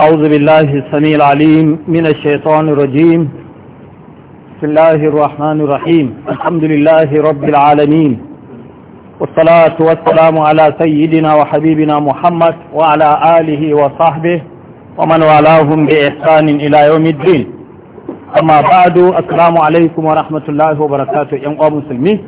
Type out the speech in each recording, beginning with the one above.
أعوذ بالله السميع العليم من الشيطان الرجيم بسم الله الرحمن الرحيم الحمد لله رب العالمين والصلاة والسلام على سيدنا وحبيبنا محمد وعلى آله وصحبه ومن والاهم بإحسان إلى يوم الدين أما بعد السلام عليكم ورحمة الله وبركاته يا مسلمين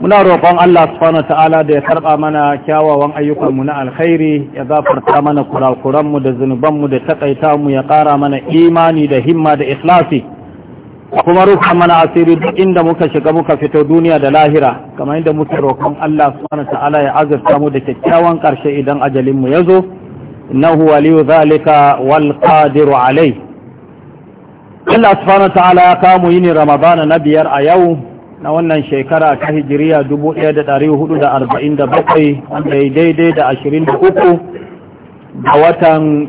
muna roƙon Allah subhanahu ta'ala da ya karɓa mana kyawawan ayyukanmu na alkhairi ya zafarta mana kurakuranmu da zunubanmu da takaita mu ya ƙara mana imani da himma da ikhlasi kuma rufa mana asiri duk inda muka shiga muka fito duniya da lahira kamar inda muke roƙon Allah subhanahu ta'ala ya azurta mu da kyakkyawan ƙarshe idan ajalin mu ya zo innahu waliyu zalika wal alai Allah subhanahu ta'ala ya kawo mu yini Ramadana na biyar a yau na wannan shekara ta hijiriya 1447 wanda ya daidai da 23 a watan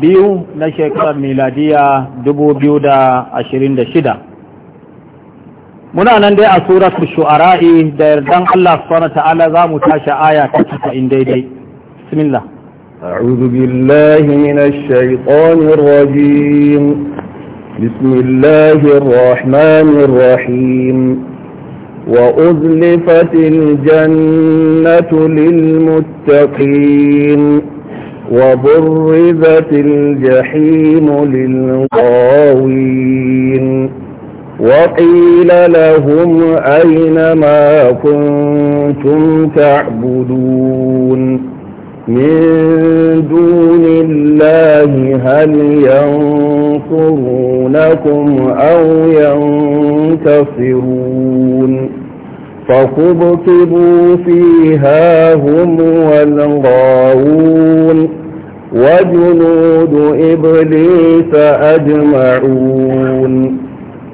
biyu na shekarar miladiya 2026 muna nan dai a suratu shu'ara'i da yardan Allah subhanahu ta'ala za mu tashi aya ta 90 daidai bismillah أعوذ بالله من الشيطان الرجيم بسم الله الرحمن الرحيم وأزلفت الجنة للمتقين وبرزت الجحيم للغاوين وقيل لهم أين ما كنتم تعبدون من دون الله هل ينصرونكم أو ينتصرون فكبكبوا فيها هم والغاوون وجنود إبليس أجمعون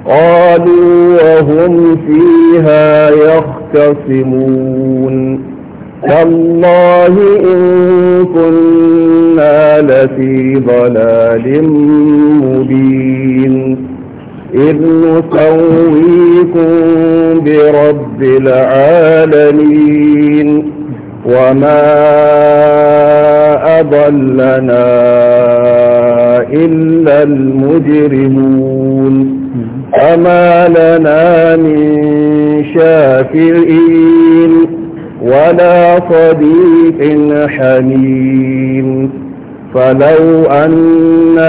قالوا وهم فيها يختصمون تالله إن كنا لفي ضلال مبين إذ نسويكم برب العالمين وما أضلنا إلا المجرمون فما لنا من شافعين ولا صديق حميم فلو أن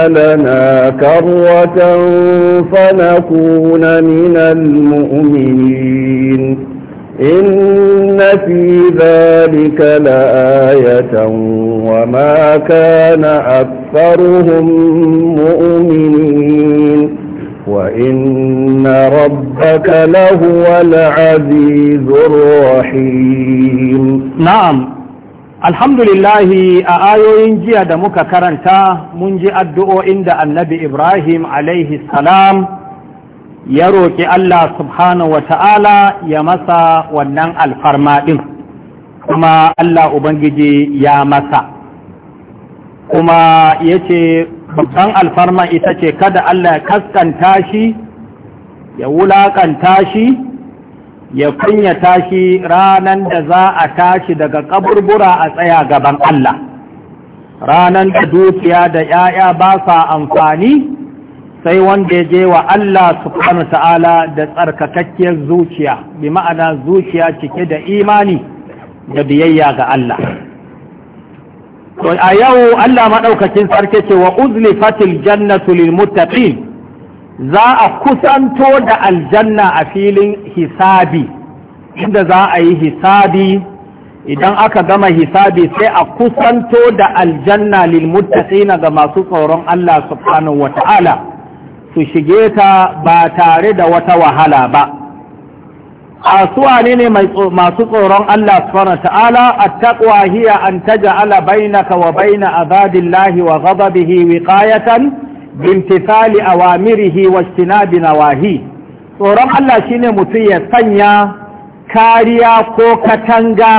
لنا كرة فنكون من المؤمنين إن في ذلك لآية وما كان أكثرهم مؤمنين وإن ربك لهو العزيز الرحيم نعم alhamdulillahi a ayoyin jiya da muka karanta mun ji addu'o'in da annabi ibrahim alaihi salam ya roƙi allah subhanahu wa ta'ala ya masa wannan alfarma ɗin kuma allah ubangiji ya masa kuma ya ce babban alfarma ita ce kada allah ya kaskanta shi ya wulaƙanta shi ya kunya tashi ranan da za a tashi daga kaburbura a tsaya gaban Allah ranan da dukiya da ‘ya'ya ba sa amfani sai wanda ya je wa Allah subhanahu ta'ala da tsarkakakken zuciya bi ma'ana zuciya cike da imani da biyayya ga Allah To a yau Allah maɗaukacin sarki ce wa uzlifatil jannatu lil muttaqin za a kusanto da aljanna a filin hisabi inda za a yi hisabi idan aka gama hisabi sai a kusanto da aljanna lilmuttaqina ga masu tsoron Allah subhanahu wata'ala su shige ta ba tare da wata wahala ba Asuwa ne ne masu tsoron Allah subhanahu wata'ala attaqwa hiya an taj'ala bainaka wa baina azabillahi wa ghadabihi wiqayatan bimtisali awamirihi wa istinabi Wahi, tsoron Allah shine mutum ya sanya kariya ko katanga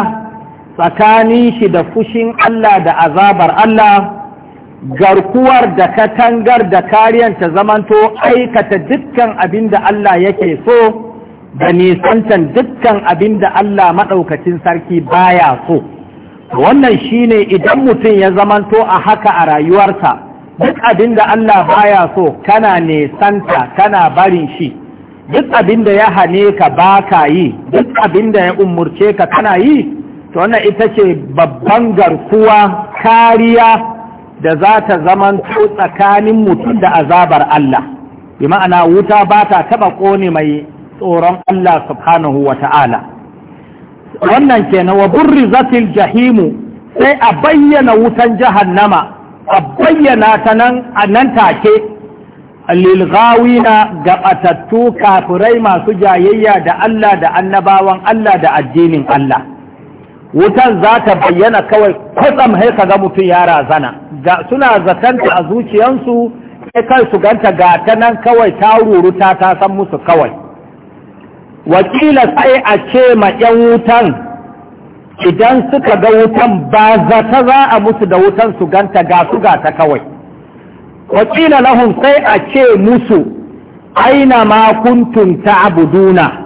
tsakanin shi da fushin Allah da azabar Allah garkuwar da katangar da kariyar ta zamanto aikata dukkan abinda Allah yake so da nisantan dukkan abinda Allah maɗaukacin sarki baya so wannan shine idan mutum ya zamanto a haka a rayuwarsa duk abin da Allah baya so kana nesanta kana barin shi duk abin da ya hane ka baka yi duk abin da ya umurce ka kana yi to wannan ita ce babban garkuwa kariya da za ta zaman tsakanin mutum da azabar Allah bi ma'ana wuta ba ta taɓa ƙone mai tsoron Allah subhanahu wa ta'ala wannan kenan wa burri zatil jahimu sai a bayyana wutan jahannama a bayyana ta nan a nan take lilgawina ga ɓatattu kafirai masu jayayya da Allah da annabawan Allah da addinin Allah wutan za ta bayyana kawai kwatsam sai ga mutum ya razana suna zatanta a zuciyansu sai kai su ganta ga ta nan kawai ta ruru ta ta san musu kawai wakila sai a ce ma 'yan wutan idan suka ga wutan ba zata za a musu da wutan su ganta ga su ga ta kawai wakila lahun sai a ce musu aina ma kuntum ta'buduna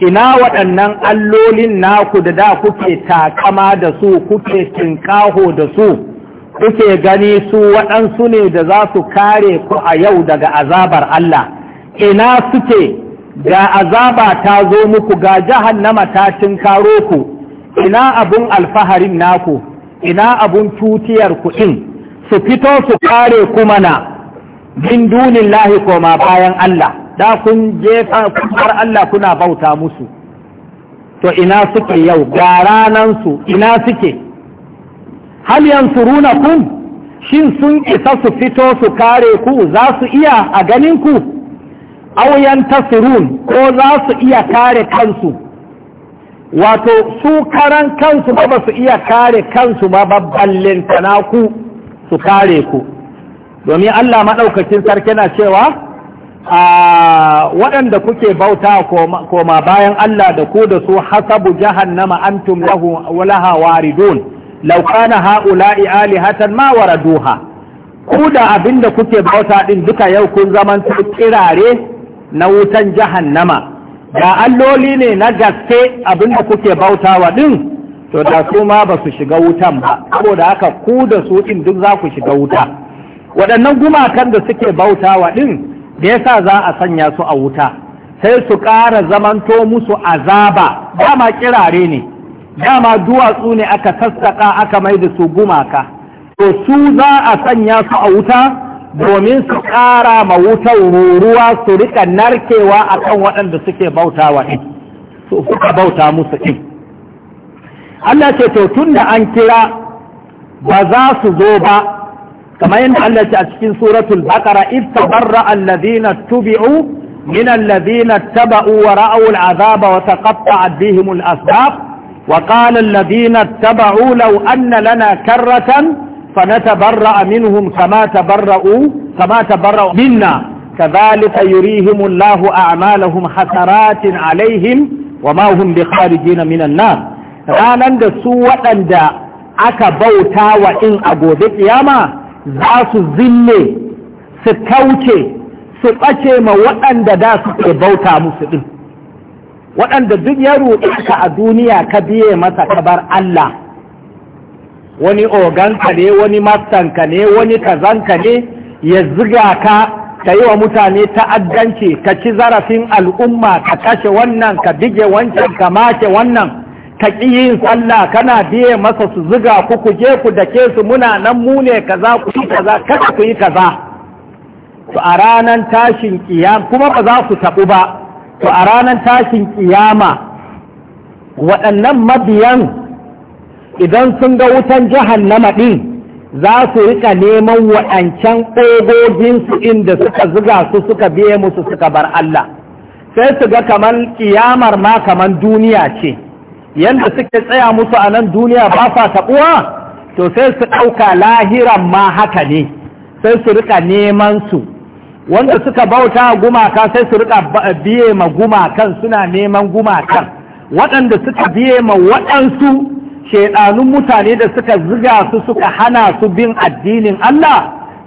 ina waɗannan allolin naku da da kuke takama da su kuke tinkaho da su kuke gani su waɗansu ne da za su kare ku a yau daga azabar Allah ina suke ga azaba ta zo muku ga jahannama ta tinkaro ku ina abun alfaharin naku ina abun tutiyar kuɗin su fito su kare kuma na bin dunin lahi koma bayan Allah da kun je har Allah kuna bauta musu to ina suke yau ga su. ina suke hal yansuruna kun shin sun isa su fito su kare ku za su iya a ganin ku auyan surun ko za su iya kare kansu wato su karan kansu ba basu su iya kare kansu ba lintana tanaku su kare ku domin Allah maɗaukacin sarki na cewa a waɗanda kuke bauta koma bayan Allah da ku da su hasabu jahannama antum lahu walaha waridun law kana haula'i alihatan ma waraduha ku da abinda kuke bauta din duka yau kun zaman su kirare na wutan jahannama ga alloli ne na gaske abinda kuke bautawa ɗin, to da su ma ba su shiga wutan ba saboda haka ku da su ɗin duk za ku shiga wuta waɗannan gumakan da suke bautawa din da yasa za a sanya su a wuta sai su ƙara zamanto musu azaba dama kirare ne dama duwatsu ne aka sassaƙa aka mai da su gumaka to su za a sanya su a wuta domin su ƙara ma wutar ruruwa su rika narkewa a kan waɗanda suke bauta wa ɗin su bauta musu ɗin Allah ce to tun da an kira ba za su zo ba kamar yadda Allah ce a cikin suratul bakara. Ita barra alladhina tubi'u min alladhina taba'u wa ra'u al'azaba wa taqatta'at bihim Asbab. wa qala alladhina taba'u law anna lana karratan فنتبرأ منهم كما تبرأوا كما تبرأوا منا كذلك يريهم الله أعمالهم حسرات عليهم وما هم بخارجين من النار ranan da su waɗanda aka bauta wa in a gobe ƙiyama za su zille su kauce su ɓace ma waɗanda da suke bauta musu ɗin waɗanda duk ya ruɗe ka a duniya ka biye masa kabar Allah wani oganka ne wani mastanka ne wani kazanka ne ya ziga ka ka yi wa mutane ta'addanci ka ci zarafin al'umma ka kashe wannan ka bige wancan ka mace wannan ka ƙi yin sallah kana biye masa su ziga ku ku je ku da ke su muna nan mu ne kaza ku yi kaza kada ku yi kaza to a ranar tashin kiyama kuma ba za ku taɓu ba to a ranar tashin ƙiyama waɗannan mabiyan idan sun ga wutan jahannama ɗin za su rika neman waɗancan ƙogoginsu inda suka zuga su suka biya musu suka bar Allah sai su ga kamar kiyamar ma kamar duniya ce yadda suke tsaya musu a nan duniya ba sa taɓuwa to sai su ɗauka lahiran ma haka ne sai su rika neman su wanda suka bauta gumaka sai su rika biye ma gumakan suna neman gumakan waɗanda suka biye ma waɗansu shedanun mutane da suka ziga su suka hana su bin addinin Allah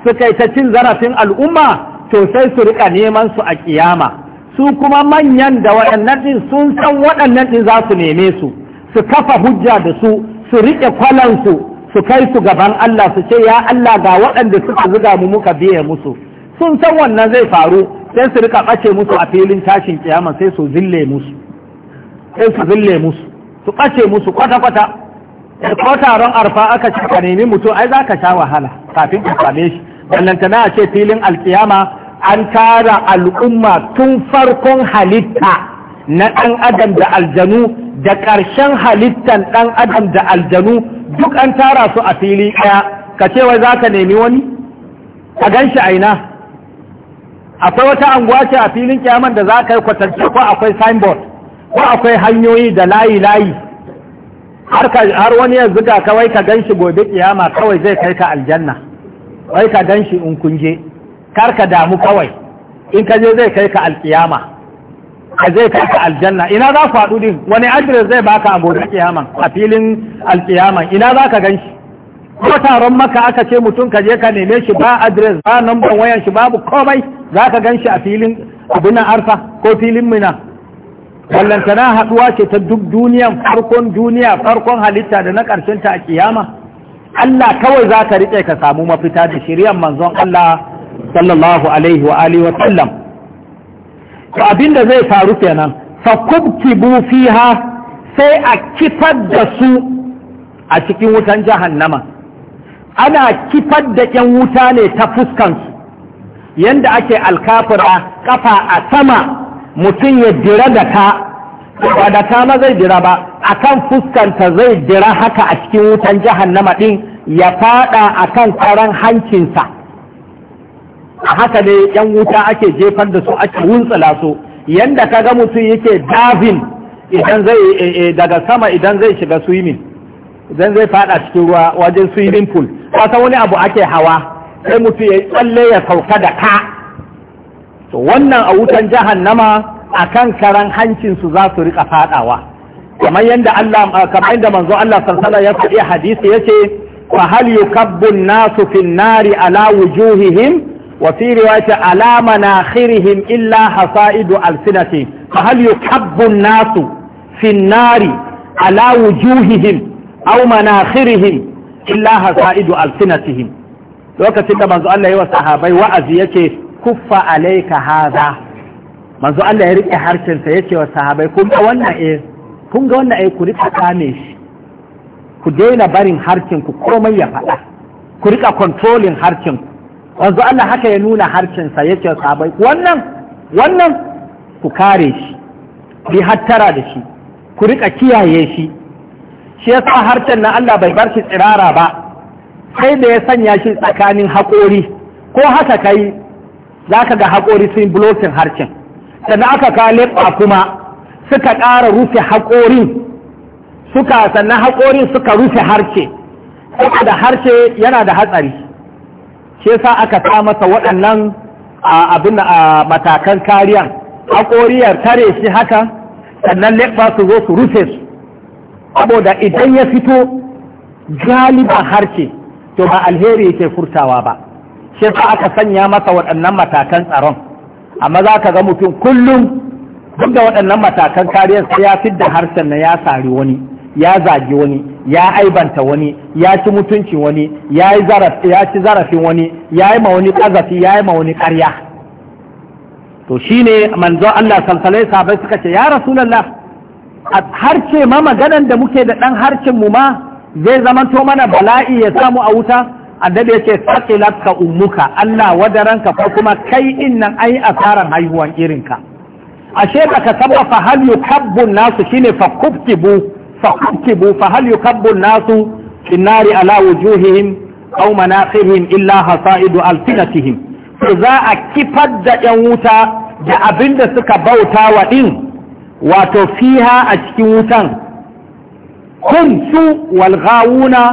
suka yi ta cin zarafin al'umma to sai su rika neman su a kiyama su kuma manyan da waɗannan din sun san waɗannan din za su neme su su kafa hujja da su su riƙe kwalansu su kai su gaban Allah su ce ya Allah ga waɗanda suka zuga mu muka biye musu sun san wannan zai faru sai su rika ɓace musu a filin tashin kiyama sai su zille musu sai su zille musu su ɓace musu kwata-kwata ko taron arfa aka ci ka nemi mutum ai za ka sha wahala kafin ka same shi ballantana a ce filin alkiyama an tara al'umma tun farkon halitta na ɗan adam da aljanu da ƙarshen halittan ɗan adam da aljanu duk an tara su a fili ɗaya ka ce wai za ka nemi wani a gan shi aina akwai wata anguwa ce a filin kyaman da za ka yi kwatance ko akwai signboard ko akwai hanyoyi da layi-layi har wani ya zuga ka wai ka ganshi gobe kiyama kawai zai kai ka aljanna wai ka ganshi in kunje kar ka damu kawai in ka je zai kai ka alkiyama ka zai kai ka aljanna ina za ku haɗu din wani adres zai baka a gobe kiyama a filin alkiyama ina za ka ganshi ko taron maka aka ce mutum ka je ka neme shi ba adres ba namban wayan shi babu komai za ka ganshi a filin abinan arfa ko filin mina wallantana haɗuwa ce ta duk duniyan farkon duniya farkon halitta da na ƙarshen ta a kiyama Allah kawai za ka riƙe ka samu mafita da shiryan manzon Allah sallallahu alaihi wa alihi wa sallam to abinda zai faru kenan fa kubkibu fiha sai a kifar da su a cikin wutan jahannama ana kifar da ƴan wuta ne ta fuskansu yanda ake alkafura kafa a sama mutum ya dira da ta ba da ta ma zai dira ba a kan fuskanta zai dira haka a cikin wutan jahannama din ya fada kan karan hankinsa a haka ne yan wuta ake jefar da su ake wuntsula su yadda ka ga mutum yake davin idan zai eh, eh, daga sama idan zai shiga swimming idan zai fada cikin ruwa wajen swimming pool kasa wani abu ake hawa sai mutum ya tsalle ya sauka da ka to wannan a wutan jahannama akan karan hancin su za su rika faɗawa. kamar yadda Allah kamar yadda manzo Allah sallallahu ya faɗi hadisi yace fa hal yukabbu nasu fi an-nari ala wujuhihim wa fi riwayati ala manakhirihim illa hasaidu al fa hal yukabbu nasu fi an-nari ala wujuhihim aw manakhirihim illa hasaidu al lokacin da manzo Allah ya wa sahabbai wa'azi yake kuffa alaika haza manzo Allah ya rike harkinsa ya ce wa sahabbai kun ga wannan eh kun ga wannan eh ku rika kame shi ku daina barin harkin ku komai ya faɗa ku rika controlling harkin ku manzo Allah haka ya nuna harkin ya yake wa sahabbai wannan wannan ku kare shi bi hattara da shi ku rika kiyaye shi shi yasa harkin na Allah bai bar shi tsirara ba sai da ya sanya shi tsakanin haƙori ko haka kai za ka ga haƙori sun blokin harcin sannan aka kawo leɓa kuma suka ƙara rufe haƙorin suka sannan haƙorin suka rufe harce da harce yana da hatsari ce sa aka sa masa waɗannan abin a matakan kariya haƙoriyar tare shi haka sannan leɓa su zo su rufe su saboda idan ya fito galiba harce to ba alheri yake furtawa ba shi sa aka sanya masa waɗannan matakan tsaron amma za ka ga mutum kullum duk da waɗannan matakan kariyar sai ya fidda harshen na ya sari wani ya zagi wani ya aibanta wani ya ci mutunci wani ya ci zarafin wani ya yi ma wani ƙazafi ya yi ma wani ƙarya to shine manzo Allah salsalai sabai suka ce ya rasulallah harce ma maganan da muke da ɗan harcin mu ma zai zamanto mana bala'i ya samu a wuta annabi yace faqilat ka ummuka Allah wadaranka ko kuma kai innan ai asaran haihuwan irinka ashe baka saba fa hal yukabbu nasu shine fa kubtibu fa kubtibu fa hal yukabbu nasu finnari ala wujuhihim aw manaqihim illa hasaidu alfinatihim za a kifar da yan wuta da abinda suka bauta wa din wato fiha a cikin wutan kun su walghawuna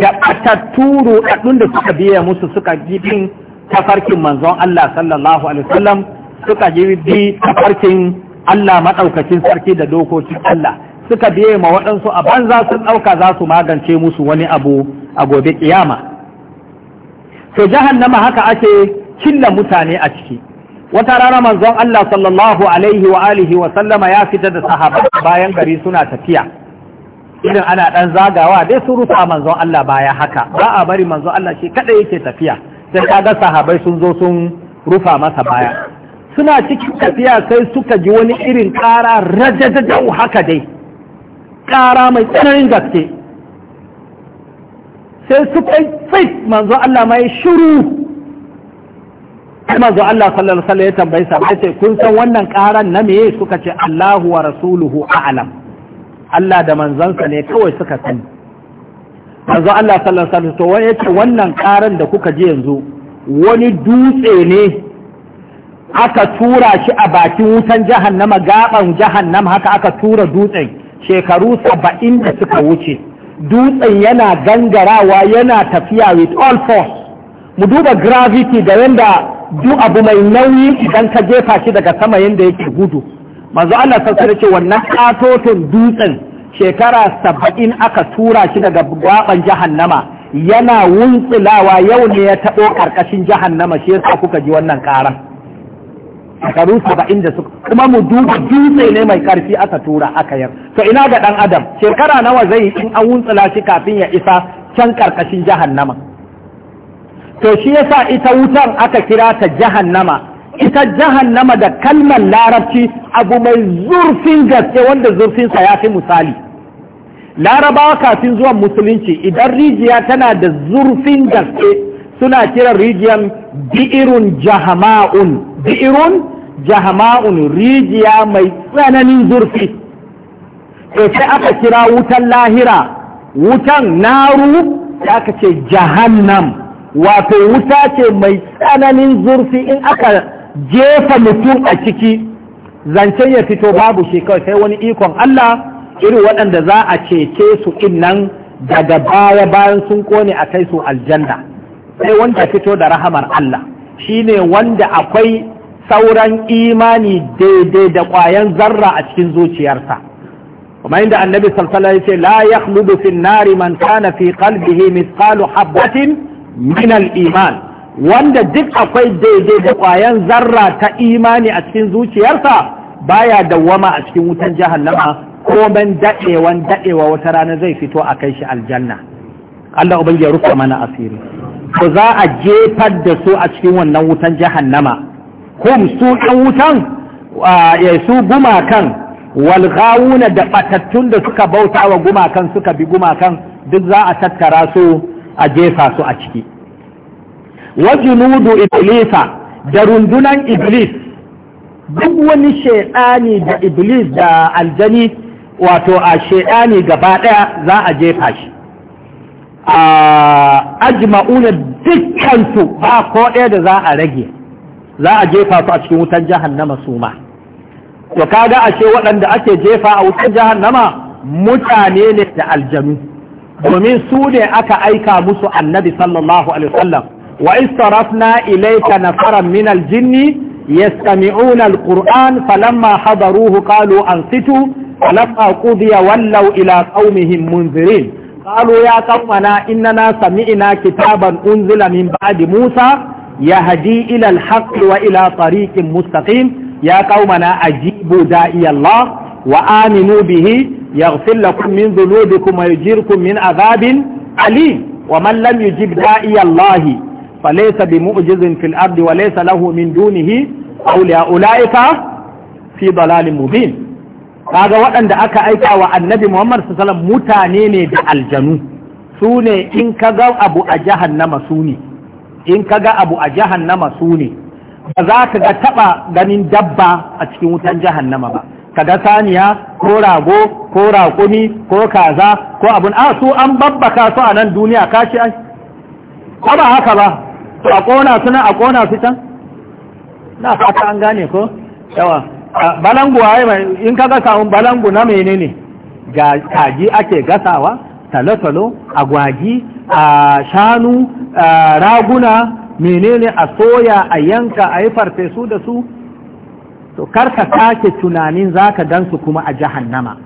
da batattu rudaddun da suka biya musu suka gibin tafarkin manzon Allah sallallahu alaihi wasallam suka gibi tafarkin Allah maɗaukacin sarki da dokokin Allah suka biya ma waɗansu a banza sun ɗauka za su magance musu wani abu a gobe kiyama to jahannama haka ake killa mutane a ciki wata rana manzon Allah sallallahu alaihi wa alihi wa sallama ya fita da sahaba bayan gari suna tafiya irin ana dan zagawa dai su rufa manzon Allah baya haka ba a bari manzon Allah shi kada yake tafiya sai kaga sahabai sun zo sun rufa masa baya suna cikin tafiya sai suka ji wani irin ƙara rajajajau haka dai kara mai tsananin gaske sai suka yi tsit manzo Allah mai shiru manzo Allah sallallahu alaihi wasallam ya tambayi sa ce kun san wannan ƙaran na meye suka ce Allahu wa rasuluhu a'lam Allah da manzansa ne kawai suka sani manzo Allah sallallahu alaihi wasallam to wani yace wannan karan da kuka ji yanzu wani dutse ne aka tura shi a bakin wutan jahannama gaban jahannama haka aka tura dutsen shekaru saba'in da suka wuce dutsen yana gangarawa yana tafiya with all force mu duba gravity da yanda duk abu mai nauyi idan ka jefa shi daga sama yanda yake gudu manzo Allah sassu da ce wannan katotin dutsen shekara saba'in aka tura shi daga gaban jahannama yana wuntsulawa yau ne ya taɓo ƙarƙashin jahannama shi yasa kuka ji wannan ƙaran shekaru saba'in da suka kuma mu duba dutse ne mai ƙarfi aka tura aka yar to ina ga ɗan adam shekara nawa zai in an wuntsula shi kafin ya isa can ƙarƙashin jahannama to shi yasa ita wutan aka kira ta jahannama ita jahannama da kalmar larabci abu mai zurfin gaske wanda zurfinsa ya fi misali larabawa kafin zuwan musulunci idan rijiya tana da zurfin gaske suna kiran rijiyar bi'irun jahama'un bi'irun jahama'un rijiya mai tsananin zurfi to sai aka kira wutan lahira wutan naru da aka ce jahannam wato wuta ce mai tsananin zurfi in aka jefa mutum a ciki zancen ya fito babu shi kawai sai wani ikon Allah irin waɗanda za a cece su nan daga baya bayan sun kone a kai su aljanna sai wanda fito da rahamar Allah shine wanda akwai sauran imani daidai da ƙwayan zarra a cikin zuciyarsa kuma inda annabi sallallahu alaihi la yakhludu fin nari man kana fi qalbihi mithqalu habatin min al-iman wanda duk akwai daidai da kwayan zarra ta imani a cikin zuciyarsa baya wama a cikin wutan jahannama komen daɗewan daɗewa wata rana zai fito a kai shi aljanna Allah ubangiji ya rufe mana asiri ko za a jefar da su a cikin wannan wutan jahannama hum su ɗan wutan su gumakan walgawuna da ɓatattun da suka bauta wa gumakan suka bi gumakan duk za a tattara su a jefa su a ciki wajinudu iblisa da rundunan iblis duk wani shaidani da iblis da aljani wato a shaidani gaba daya za a jefa shi a ajma'una dukkansu ba ko ɗaya da za a rage za a jefa su a cikin wutan jahannama su ma to kaga ashe waɗanda ake jefa a wutan jahannama mutane ne da aljanu domin su ne aka aika musu annabi sallallahu alaihi wasallam wa istarafna ilayka nafaran min aljinni yastami'una alquran falamma hadaruhu qalu ansitu falamma qudiya wallau ila qaumihim munzirin qalu ya qaumana innana sami'na kitaban unzila min ba'di musa yahdi ilal alhaqqi wa ila tariqin mustaqim ya qaumana ajibu da'iya allah wa aminu bihi يغفر لكم من ذنوبكم min azabin? Ali. Wa ومن لم يجب داعي الله فليس بمعجز في الأرض وليس له من دونه أولياء أولئك في ضلال مبين kaga waɗanda aka aika wa annabi Muhammad sallam mutane ne da aljanu su ne in ka ga abu a jahannama su ne in ka ga abu a jahannama su ne ba za ka ga taɓa ganin dabba a cikin wutan jahannama ba ka ga saniya ko rago ko raƙumi ko kaza ko abun a su an babbaka su a nan duniya kashi ai ba haka ba to a kona suna a kona su can na fata an gane ko yawa balangu waye mai in ka gasa un balangu na menene ga kaji ake gasawa talotalo agwagi a shanu a raguna menene a soya a yanka a yi farfesu da su to karka sake tunanin zaka gansu su kuma a jahannama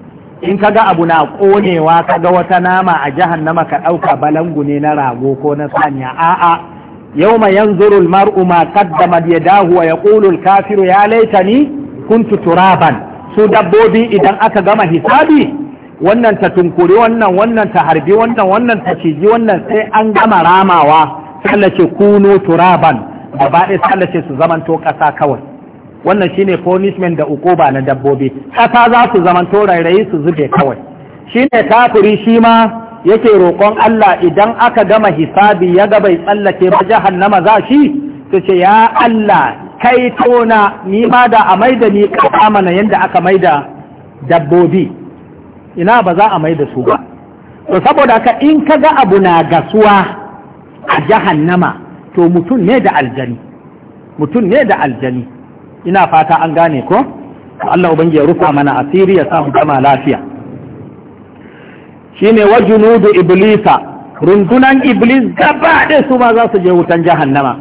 in kaga abu na ƙonewa, ka ga wata nama a jahannama ka ɗauka balangu ne na rago ko na saniya a'a Yau yanzuru al-mar'u ma qaddamat yadahu wa yaqulu al-kafiru ya laitani kuntu turaban su dabbobi idan aka gama hisabi wannan ta tunkuri wannan wannan ta harbi wannan wannan ta ciji wannan sai an gama ramawa sallace kunu turaban gaba ɗaya sallace su zamanto ƙasa kawai wannan shine punishment da ukuba na dabbobi ƙasa za su zamanto rairayi su zube kawai shine kafiri shi ma yake roƙon Allah idan aka gama hisabi ya ga bai tsallake ba jahannama za shi su ce ya Allah kai tona ni ma da a maida ni ƙasa mana yadda aka maida dabbobi ina ba za a maida su ba to saboda ka in ka ga abu na gasuwa a jahannama to mutum ne da aljani mutum ne da aljani ina fata an gane ko Allah ubangiji ya rufa mana asiri ya samu gama lafiya shine wa junudu iblisa rundunan iblis gaba ɗaya su ma za su je wutan jahannama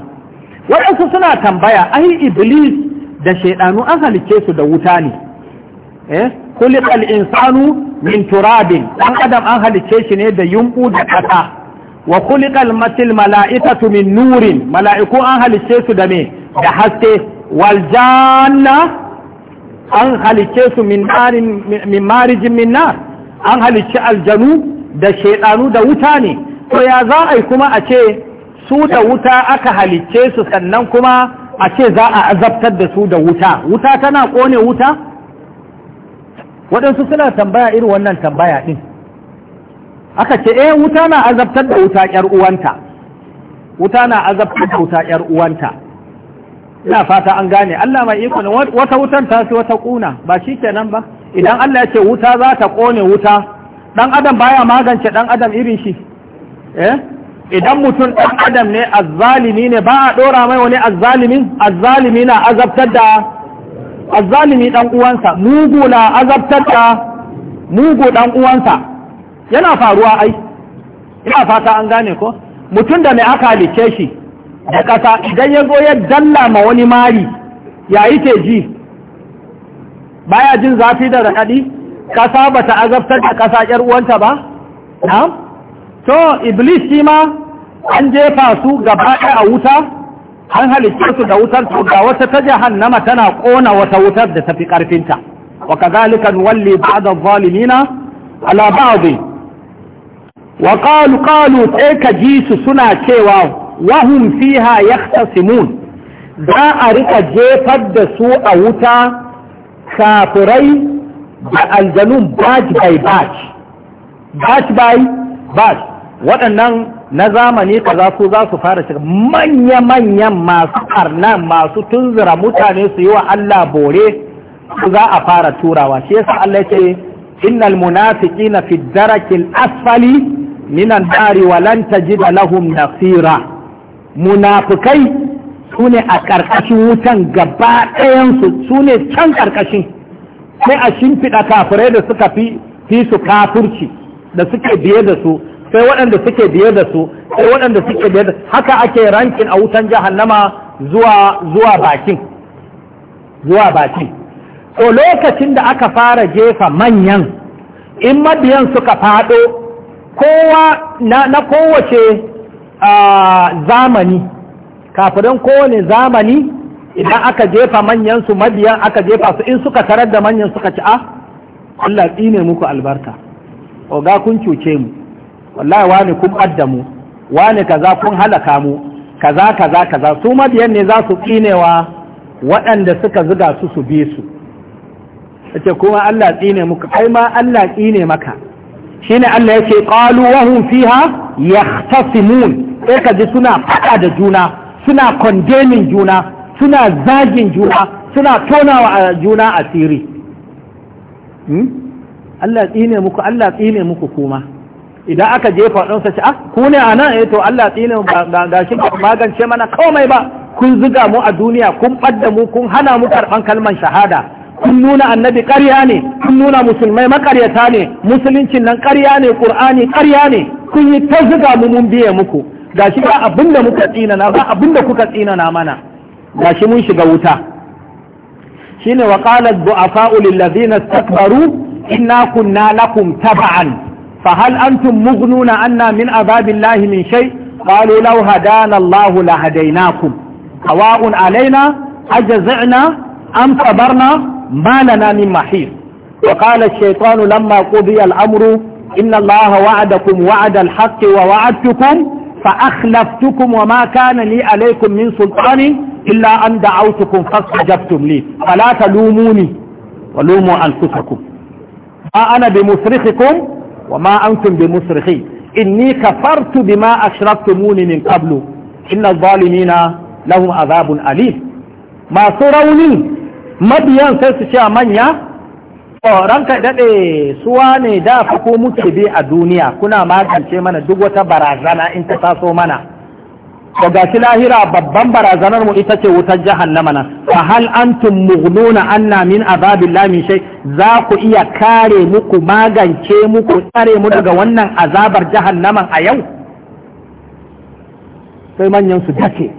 waɗansu suna tambaya ai iblis da shaidanu an halicce su da wuta ne eh kulikal insanu min turabin dan adam an halicce shi ne da Yumbu da ƙasa wa kulikal matil mala'ikatu min nurin mala'iku an halicce su da me da haske wal janna an halicce su min marijin min nar an halicci aljanu da shaidanu da wuta ne to ya za a yi kuma a ce su da wuta aka halicce su sannan kuma a ce za a azabtar da su da wuta wuta tana kone wuta waɗansu suna tambaya irin wannan tambaya ɗin aka ce eh wuta na azabtar da wuta ƴar uwanta wuta na azabtar da wuta ƴar uwanta ina fata an gane Allah mai iko ne wata wutan ta wata kuna ba shi nan ba idan Allah ya ce wuta za ta kone wuta dan adam baya magance dan adam irin shi eh idan mutum dan adam ne azzalimi ne ba a dora mai wani azzalimin azzalimi na azabtar da azzalimi dan uwansa mugu na azabtar da mugu dan uwansa yana faruwa ai ina fata an gane ko mutum da mai aka halice shi da kasa idan ya zo ya dalla ma wani mari yayi ke ji baya jin zafi da raɗaɗi ƙasa ba ta azabtar da ƙasa ƴar uwanta ba na'am to iblis shi ma an jefa su gaba ɗaya a wuta an halitta su da wutar to ga wata ta jahannama tana ƙona wata wutar da tafi ƙarfinta wa kadhalika nuwalli ba'd adh-dhalimina ala ba'd wa qalu qalu ka ji su suna cewa wahum fiha yahtasimun za a rika jefar da su a wuta kafirai da aljanun batch by batch batch by batch waɗannan na zamani kaza su za su fara shiga manya-manyan masu karnan masu tunzura mutane su yi wa Allah bore su za a fara turawa shi yasa Allah ce innal munafiqina fi darakil asfali minan dari wa lan tajida lahum nasira munafikai su ne a ƙarƙashin wutan gaba ɗayansu su ne can ƙarƙashin sai a shimfiɗa kafirai da suka fi su kafurci da suke biye da su sai waɗanda suke biye da su sai waɗanda suke biye da su haka ake rankin a wutan jahannama zuwa zuwa bakin zuwa bakin to lokacin da aka fara jefa manyan in mabiyan suka faɗo kowa na kowace ah, zamani kafiran kowane zamani idan aka jefa manyan su mabiyan aka jefa su in suka tarar da manyan suka ci a ah, Allah tsine muku albarka oga kun cuce mu wallahi wani kun addamu wani kaza kun halaka mu kaza kaza kaza su mabiyan ne za su tsinewa waɗanda suka zuga su su bi su yace kuma Allah tsine muku kai ma Allah tsine maka shine Allah yace qalu wa hum fiha yahtasimun sai ka ji suna fada da juna suna kondemin juna suna zagin juna suna tonawa a eh, juna asiri hmm? Allah tsine muku Allah tsine muku kuma idan aka jefa ɗan shi ah ku ne a nan eh, to Allah tsine ga shi magance mana komai ba kun ziga mu a duniya kun ɓadda mu kun hana mu karɓan kalman shahada kun nuna annabi ƙarya ne kun nuna musulmai makaryata ne musuluncin nan ƙarya ne ƙur'ani ƙarya ne kun yi ta ziga mu mun biye muku gashi ba abinda muka tsinana ba abinda kuka tsinana mana gashi mun shiga wuta shine wa qala du'afa'u lil ladina istakbaru inna kunna lakum taba'an fa hal antum mughnuna anna min azabillahi min shay qalu law hadana Allahu la hadaynakum hawa'un alaina ajza'na am sabarna ما لنا من محيط وقال al amru قضي الأمر إن الله وعدكم وعد الحق ووعدتكم fa akhlaftukum wa ma kana li alaykum min sultani illa an da'awtukum fastajabtum li fala talumuni wa lumu anfusakum ma ana bi musrikhikum wa ma antum bi musrikhi inni kafartu bima ashraftumuni min qablu inna adh-dhalimina lahum adhabun masu rauni mabiyan sai su ce manya ranka daɗe suwa ne da fa ko muke bi a duniya kuna magance mana duk wata barazana in ta taso mana to ga shi lahira babban barazanar mu ita ce wutar jahannama nan fa hal antum mughnuna anna min azabillahi min shay za ku iya kare muku magance muku tsare mu daga wannan azabar jahannama a yau sai manyan su dace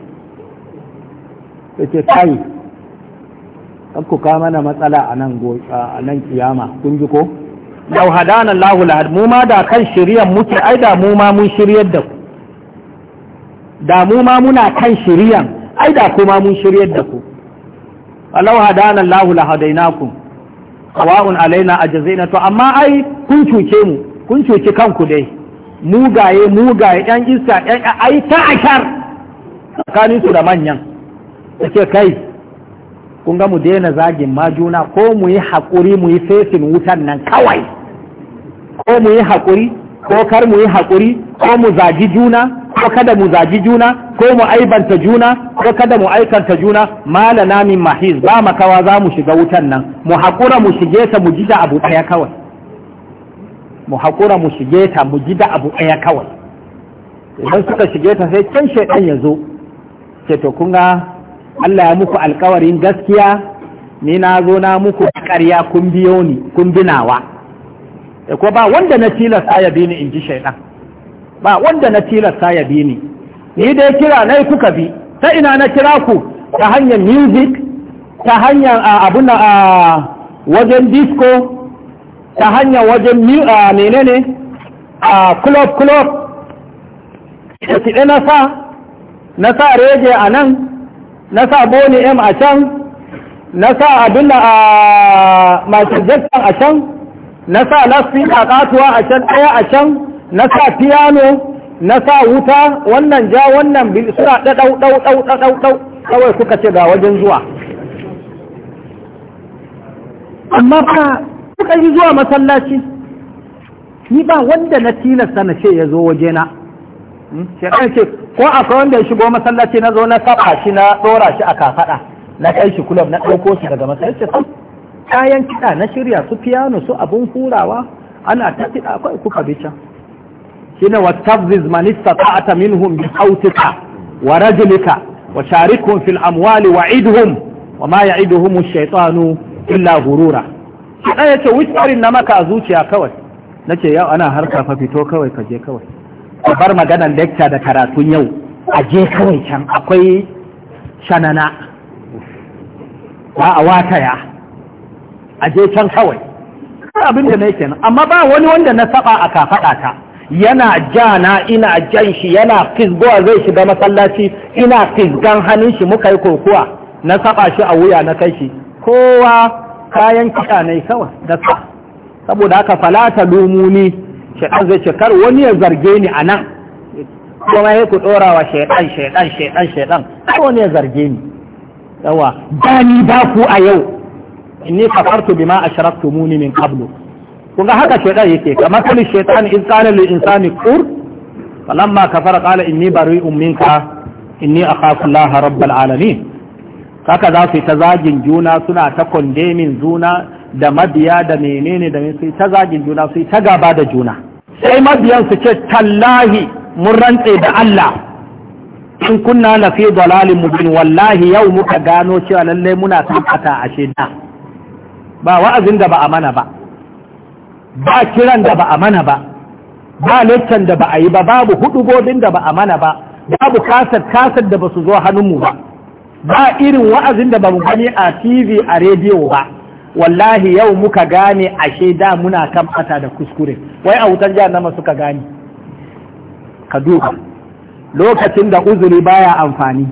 sai ce kai ku ka mana matsala a nan a nan kiyama kun ji ko yau hadana Allah lahad mu ma da kan shiryan muke ai da mu ma mun shiryar da ku da mu ma muna kan shiryan ai da kuma mun shiryar da ku alau hadana la hadainakum sawa'un alaina ajzina to amma ai kun cuce mu kun cuci kanku dai mugaye mugaye yan isa. yan ai ta akar tsakanin su da manyan take kai kun ga mu daina zagin ma juna ko mu yi haƙuri mu yi fesin wutan nan kawai ko mu yi haƙuri ko kar mu yi haƙuri ko mu zagi juna ko kada mu zagi juna ko mu aibanta juna ko kada mu aikanta juna malana min mahiz ba makawa za mu shiga wutan nan mu haƙura mu shige ta mu ji da abu ɗaya kawai mu haƙura mu shige ta mu ji da abu ɗaya kawai idan suka shige ta sai can shaidan ya zo ce to kun ga Allah ya muku alkawarin gaskiya ni na zo na muku ƙarya kun biyo ni kun binawa da e ko ba wanda na tilasta ya bi ni in ji shaidan ba wanda na tilasta ya bi ni ni dai kira nai kuka bi ta ina na kira ku ta hanyar music ta hanyar abun a wajen disco ta hanyar wajen menene a club club da ɗe na sa na sa rege a nan na sa boni m a can na sa abin da a ah, masajjatan a can na sa lafi a katuwa a can ɗaya a can na sa piano na sa wuta wannan ja wannan bil suna ɗaɗau ɗaɗau ɗaɗau ɗaɗau kawai suka ce ga wajen zuwa amma fa suka yi zuwa masallaci ni ba wanda na tilasta na ce ya zo wajena Hmm? shaitan ce ko akwai wanda ya shigo masallaci na zo na saba shi na dora shi a kafada na kai shi kulab na ɗauko shi daga masallaci sun kayan kiɗa na shirya su fiyano su abun hurawa ana ta kiɗa akwai kuka bica shine wa tabziz man istata'ta minhum bi sautika wa rajulika wa sharikhum fil amwali wa idhum wa ma ya'iduhum ash-shaytanu illa hurura shi ɗaya ce na maka a zuciya kawai nace yau ana harka fa fito kawai ka je kawai Ka bar maganar lecture da karatun yau a je kawai can akwai shanana ba a wataya a je can kawai abin da amma ba wani wanda na saba a kafaɗa ta yana jana, ina jan shi yana fisgowa zai shiga masallaci ina fisgan hannun shi muka yi kokowa na saba shi a wuya na kai shi kowa kayan kiɗa ne kawai da saboda haka falata lumuni shaitan zai ce kar wani ya zarge ni a nan kuma ya ku ɗora wa shaitan shaitan shaitan shaitan kar wani ya zarge ni yawa ni ba ku a yau inni kafartu bima muni min qablu kun ga haka shaitan yake kamar kullu shaitan in qala lil insani kfur falamma kafara qala inni bari'un minka inni akhafu Allah rabbal alamin kaka za su yi ta zagin juna suna ta kondemin juna da mabiya da menene da sai ta zagin juna sai ta gaba da juna sai mabiyan su ce tallahi mun rantse da Allah in kunna na fi dalalin mubin wallahi yau muka gano cewa lalle muna tabbata a shida ba wa'azin da ba a mana ba ba kiran da ba a mana ba ba leccan da ba a yi ba babu hudu godin da ba a mana ba babu kasar kasar da ba su zo hannunmu ba ba irin wa'azin da ba mu gani a tv a rediyo ba wallahi yau muka gane ashe da muna kan ata da kuskure wai a wutar jahannama suka gane ka duba lokacin da uzuri baya amfani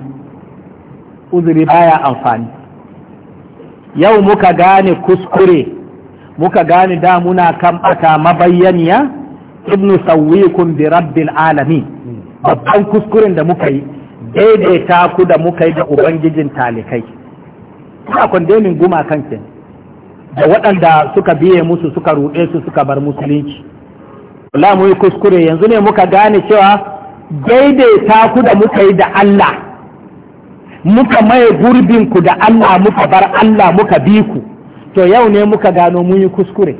uzuri baya amfani yau muka gane kuskure muka gane da muna kan ata mabayyaniya ibnu sawwikum bi rabbil alamin babban kuskuren da muka yi daidaita ku da muka yi da ubangijin talikai kuna kwandemin kan kenan da waɗanda suka biye musu suka ruɗe su suka bar musulunci Allah mu yi kuskure yanzu ne muka gane cewa daidaita ku da muka yi da Allah muka maye gurbinku da Allah muka bar Allah muka bi ku to yau ne muka gano mun yi kuskure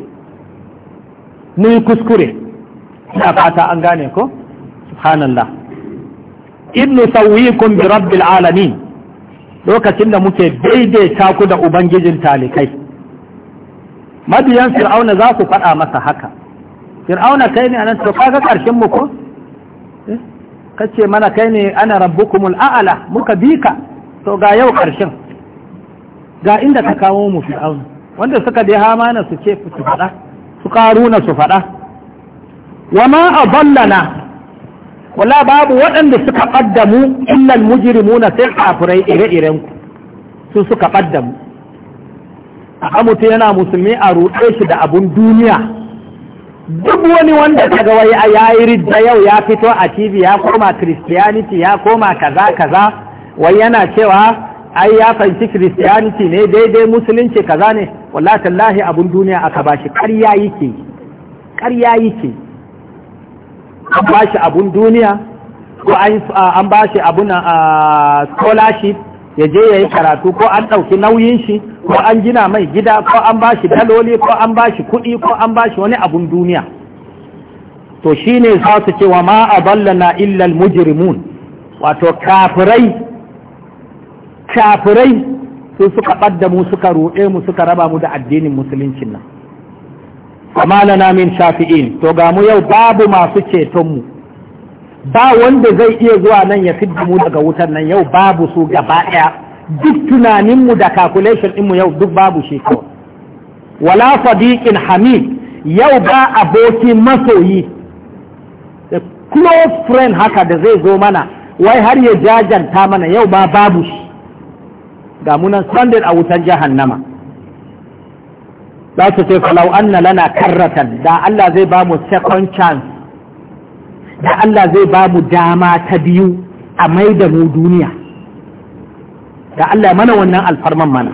mun yi kuskure ina fata an gane ko subhanallah ibnu kun bi rabbil alamin lokacin da muke daidaita ku da ubangijin talikai mabiyan fir'auna za ku faɗa masa haka fir'auna kai ne anan to kaga karshen mu ko eh, kace mana kai ne ana rabbukumul a'ala muka bika to ga yau karshen ga inda ka kawo mu fir'auna wanda suka bi hamana su ce su faɗa su karuna su faɗa wa ma adallana wala babu waɗanda suka ɓadda mu illal mujrimuna sai kafirai ire irenku su suka ɓadda mu a amutu yana musulmi a ruɗe shi da abun duniya duk wani wanda kaga wai a yayi ridda yau ya fito a tv ya koma christianity ya koma kaza kaza wai yana cewa ai ya fanci christianity ne daidai musulunci kaza ne wallahi abun duniya aka bashi ƙarya yake yi yake an bashi abun duniya ko an bashi abun ah, scholarship ya je ya yi karatu ko an ɗauki nauyin shi ko an gina mai gida ko an ba shi daloli ko an ba shi kuɗi ko an ba shi wani abun duniya to shi ne za su ce wa ma a ballana illal mujrimun wato kafirai kafirai sun suka ɓadda mu suka ruɗe mu suka raba mu da addinin musuluncin nan amma na min shafi'in to ga mu yau babu masu ceton mu ba wanda zai iya zuwa nan ya fi mu daga wutar nan yau babu su gaba ɗaya duk tunaninmu da calculation ɗinmu yau duk babu shi kawai wala sadiqin hamid yau ba aboki masoyi da close friend haka da zai zo mana wai har ya jajanta mana yau ba babu shi ga munan standard a wutan jahannama za su ce falau annala lana karratan da Allah zai ba mu second chance da Allah zai ba mu dama ta biyu a mai da mu duniya da Allah mana wannan alfarman mana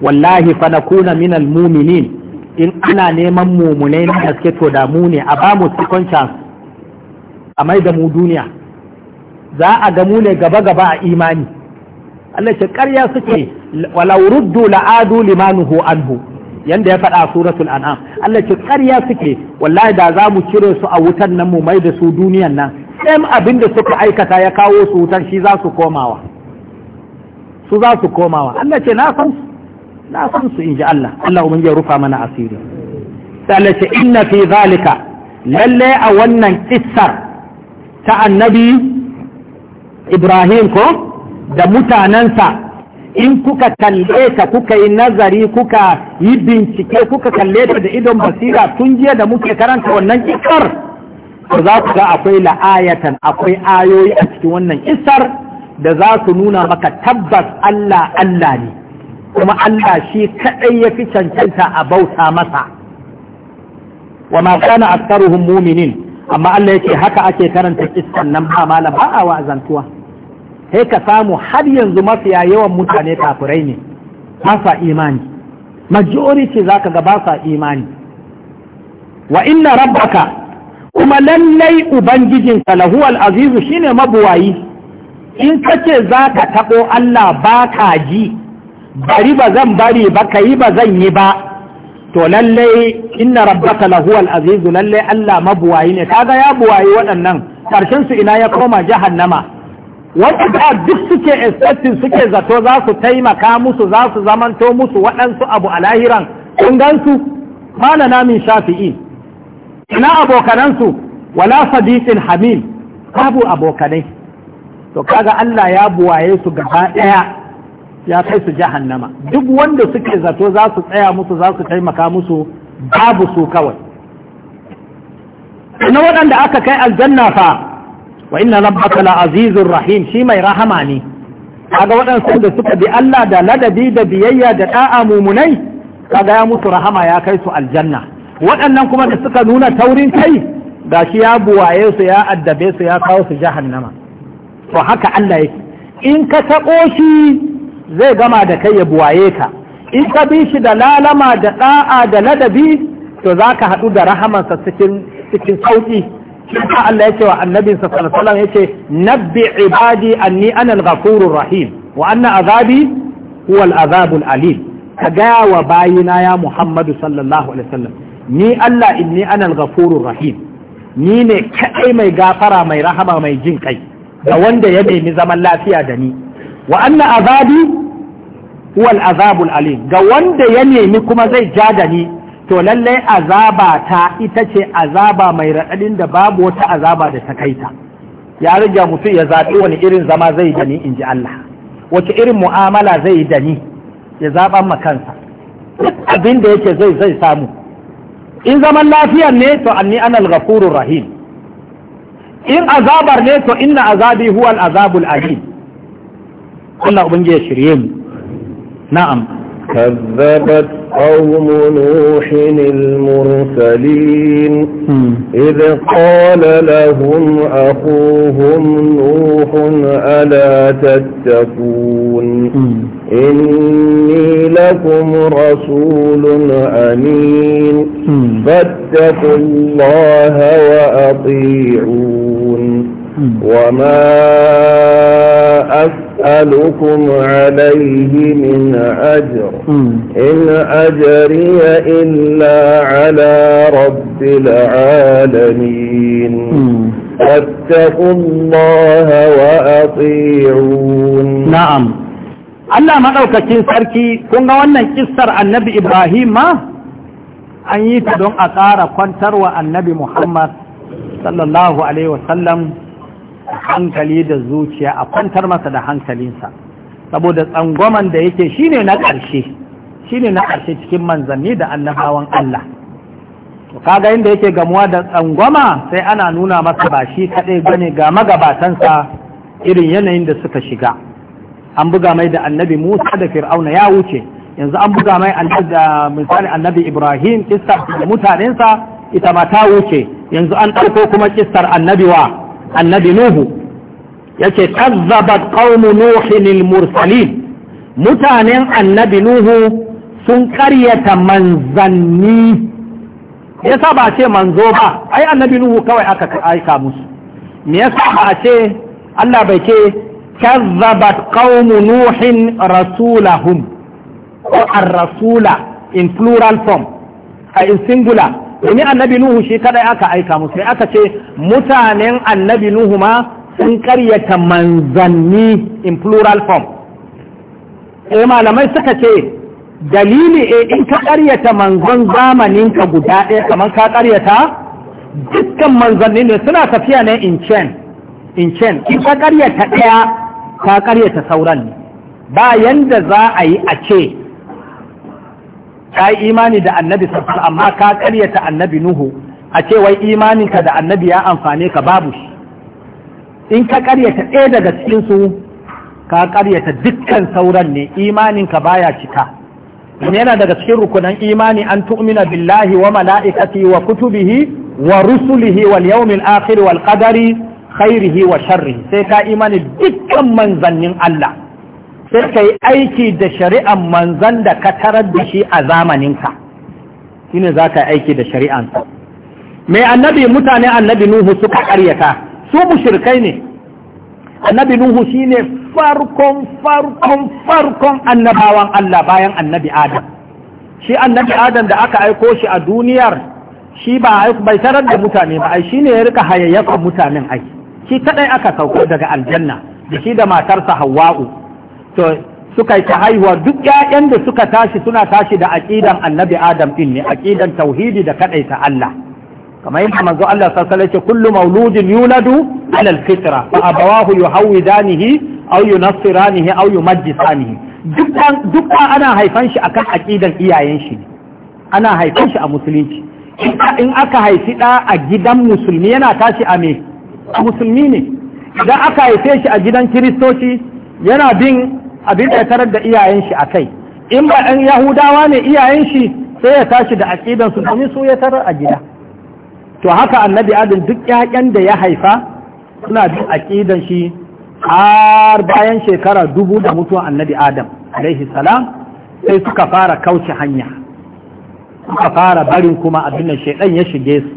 wallahi fa kuna min muminin in ana neman mumune na haske to da mu ne a ba mu second chance a mai da mu duniya za a ga mu ne gaba gaba a imani Allah ce ƙarya suke walau ruddu la'adu limanuhu anhu yanda ya faɗa a suratul an'am Allah ce ƙarya suke wallahi da za mu cire su a wutar nan mu mai da su duniyan nan ɗan abin da suka aikata ya kawo su wutan shi za su komawa su za su komawa Allah ce na san su na san su inji Allah Allah umin ya rufa mana asiri sai Allah ce inna fi zalika lalle a wannan kissar ta annabi Ibrahim ko da mutanensa in kuka kalle ta kuka yi nazari kuka yi bincike kuka kalle ta da idon basira tun jiya da muke karanta wannan ikar to za ku ga akwai la'ayatan akwai ayoyi a cikin wannan isar da za su nuna maka tabbas Allah Allah ne kuma Allah shi kaɗai ya fi cancanta a bauta masa wa ma kana aktaruhum mu'minin amma Allah yake haka ake karanta kissan nan ba malam ba a wa'azantuwa sai ka samu har yanzu mafiya yawan mutane kafirai ne ba sa imani majority za ka ba sa imani wa inna rabbaka kuma lallai ubangijinka lahu al-azizu shine mabuwayi in kace za ka taɓo Allah ba ka ji bari ba zan bari ba ka yi ba zan yi ba to lallai inna rabbaka lahu al-azizu lallai Allah mabuwayi ne kaga ya buwayi waɗannan karshen su ina ya koma jahannama waɗanda duk suke expecting suke zato za su taimaka musu za su zamanto musu waɗansu abu a lahiran kun gansu mana namin shafi'i ina abokanansu wala sadiqin hamil babu abokanai to kaga Allah ya buwaye su gaba ɗaya ya kai su jahannama duk wanda suke zato za su tsaya musu za su taimaka musu babu su kawai na waɗanda aka kai aljanna fa wa inna rabbaka la azizur rahim shi mai rahama ne kaga waɗansu da suka bi Allah da ladabi da biyayya da da'a mumunai kaga ya musu rahama ya kai su aljanna waɗannan kuma da suka nuna taurin kai gashi ya buwaye su ya addabe su ya kawo su jahannama to haka Allah yake in ka taɓo shi zai gama da kai ya buwaye ka in ka bi shi da lalama da da'a da ladabi to zaka haɗu da rahamansa cikin cikin sauki Shaka Allah ya ce wa annabin sa sallallahu ya ce nabbi ibadi anni ana al-ghafurur rahim wa anna azabi huwa al-azabul alim ka gaya wa bayina ya Muhammadu sallallahu alaihi wasallam ni Allah inni ana al-ghafurur rahim ni ne kadai mai gafara mai rahama mai jin kai ga wanda ya nemi zaman lafiya da ni wa anna azabi huwa al-azabul alim ga wanda ya nemi kuma zai ja da ni to lallai azaba ta ita ce azaba mai raɗaɗin da babu wata azaba da ta kaita ya rage mutum ya zaɓi wani irin zama zai da ni in ji Allah wace irin mu'amala zai da ni ya zaɓan kansa. abin da yake zai zai samu in zaman lafiyar ne to anni anal ghafurur rahim in azabar ne to inna azabi huwa al azabul alim Allah ubangiji ya shirye mu na'am كذبت قوم نوح المرسلين إذ قال لهم أخوهم نوح ألا تتقون إني لكم رسول أمين فاتقوا الله وأطيعون وما أكثر أسألكم عليه من أجر إن أجري إلا على رب العالمين واتقوا الله وأطيعون نعم Allah maɗaukakin sarki kun ga wannan kissar annabi Ibrahim ma an yi ta don a ƙara kwantarwa annabi Muhammad sallallahu Alaihi hankali da zuciya a kwantar masa da hankalinsa saboda tsangwaman da yake shine na ƙarshe shine na ƙarshe cikin manzanni da annabawan Allah to kaga inda yake gamuwa da tsangwama sai ana nuna masa ba shi kaɗai bane ga magabatansa irin yanayin da suka shiga an buga mai da annabi Musa da Fir'auna ya wuce yanzu an buga mai da misali annabi Ibrahim da mutanensa ita ma ta wuce yanzu an ɗauko kuma kissar annabi wa annabi nuhu yace kazzabat qaumu nuhin al-mursalin mutanen annabi nuhu sun karyata manzanni yasa ba ce manzo ba ai annabi nuhu kawai aka aika musu me yasa ba ce Allah bai ce kazzabat qaumu nuhin rasulahum ko ar-rasula in plural form a in singular Wani annabi nuhu shi kadai aka aika musu aka ce mutanen annabi nuhu ma sun karyata manzanni in plural form eh malamai suka ce dalili e in ka karyata manzon zamanin ka guda ɗaya kamar ka karyata dukkan manzanni ne suna tafiya ne in chain in chain in ka karyata ɗaya ka karyata sauran ne ba yanda za a yi a ce ka yi imani da annabi sassan amma ka karyata annabi nuhu a ce wai imaninka da annabi ya amfane ka babu shi in ka karyata ɗaya daga cikinsu ka karyata dukkan sauran ne imaninka baya cika yana daga cikin rukunan imani an tu'mina billahi wa mala'ikati wa kutubihi wa rusulihi wal yawmil akhir wal qadari khairihi wa sharrihi sai ka imani dukkan manzannin Allah sai ka yi aiki da shari'an manzan da ka tarar da shi a zamaninka shi ne za ka yi aiki da shari'ansa mai annabi mutane annabi nuhu suka karyata su mushirkai ne annabi nuhu shi ne farkon farkon farkon annabawan Allah bayan annabi adam shi annabi adam da aka aiko shi a duniyar shi ba bai tarar da mutane ba ai shi ne ya rika hayayyafa mutanen ai shi kaɗai aka sauko daga aljanna da shi da matarsa hawa'u to suka ta haihuwa duk ƴaƴan da suka tashi suna tashi da aqidan annabi adam din ne aqidan tauhidi da kadai ta Allah kamar yadda manzo Allah sallallahu alaihi wasallam kullu mauludin yuladu ala alfitra fa abawahu yuhawidanihi aw yunassiranihi aw yumajjisanihi dukkan dukkan ana haifan shi akan aqidan iyayen shi ana haifan shi a musulunci in aka haifi da a gidan musulmi yana tashi a me a musulmi ne idan aka haife shi a gidan kiristoci yana bin abin da ya tarar da iyayen shi a kai in ba ɗan yahudawa ne iyayen shi sai ya tashi da aƙidan su domin su ya tarar a gida to haka annabi adam duk ƴaƴan da ya haifa suna bi aƙidan shi har bayan shekara dubu da mutuwa annabi adam alaihi salam sai suka fara kauce hanya suka fara barin kuma abin da shedan ya shige su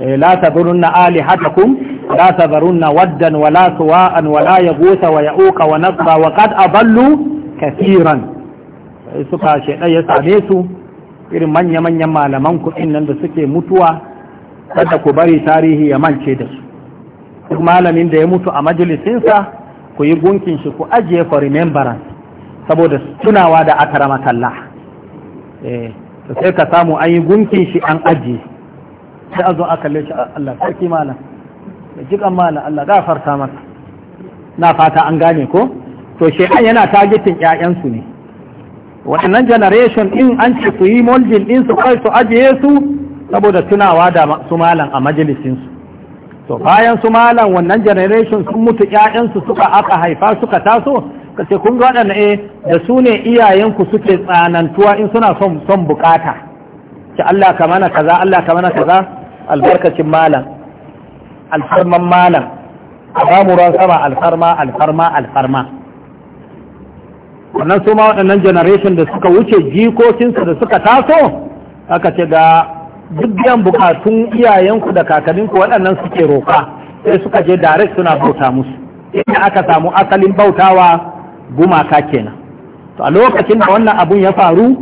eh, la tadurunna alihatakum لا تذرن ودا ولا سواء ولا يغوث ويعوق ونصر وقد أضلوا كثيرا suka shaidai ya same su irin manya-manyan malaman kuɗin nan da suke mutuwa kada ku bari tarihi ya mance da su duk malamin da ya mutu a majalisinsa ku yi gunkin shi ku ajiye for remembrance saboda tunawa da aka ramatalla sai ka samu an yi gunkin shi an ajiye sai a zo a kalle shi Allah sarki malam da jikan mala Allah gafarta masa na fata an gane ko to shekan yana targetin ƴaƴansu ne waɗannan generation in an ce su yi moldin din su kai su ajiye su saboda tunawa da su malam a majalisin to bayan su malam wannan generation sun mutu ƴaƴansu suka aka haifa suka taso kace kun ga waɗanda eh da su ne iyayenku suke tsanantuwa in suna son son bukata ki Allah ka mana kaza Allah ka mana kaza albarkacin malam alfarman malam a ba mu ruwan sama alfarma alfarma alfarma wannan su ma waɗannan generation da suka wuce jikokinsu da suka taso aka ce ga duk biyan bukatun iyayenku da kakanninku waɗannan suke roƙa sai suka je direct suna bauta musu inda aka samu asalin bautawa gumaka kenan to a lokacin da wannan abun ya faru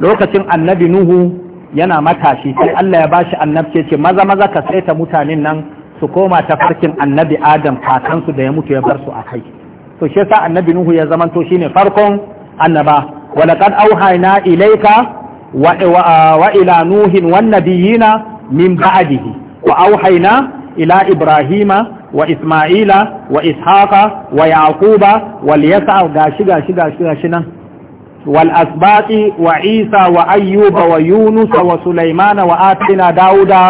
lokacin annabi nuhu yana matashi sai Allah ya bashi annabce ce maza maza ka saita mutanen nan su koma ta farkin annabi adam kakansu da ya mutu ya bar su a kai to shi yasa annabi nuhu ya zamanto shine farkon annaba wa laqad auhayna ilayka wa ila nuhin wan nabiyina min ba'dihi wa auhayna ila ibrahima wa isma'ila wa ishaqa wa yaquba wal yasa gashi gashi gashi gashi nan wal asbaqi wa isa wa ayyuba wa yunus wa sulaymana wa atina dauda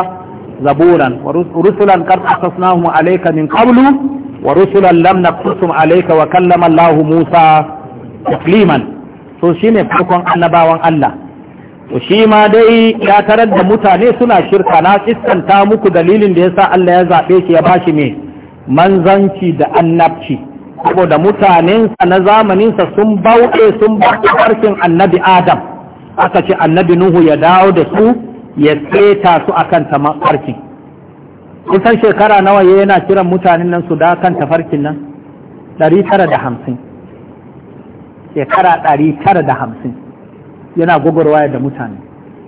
zaburan wa rusulan qad qasasnahum alayka min qablu wa rusulan lam naqsusum alayka wa kallama Musa takliman so shine farkon annabawan Allah to shi ma dai ya tarar da mutane suna shirka na iskanta muku dalilin da yasa Allah ya zaɓe shi ya bashi me manzanci da annabci saboda mutanensa na zamaninsa sun bauɗe sun bauɗe harshen annabi Adam aka ce annabi Nuhu ya dawo da su ya keta su a akan tafarkin kusan shekara nawa ya yana kiran mutanen nan su da kan tafarkin nan Dari tara da hamsin. shekara dari tara da hamsin yana gogorwa da mutane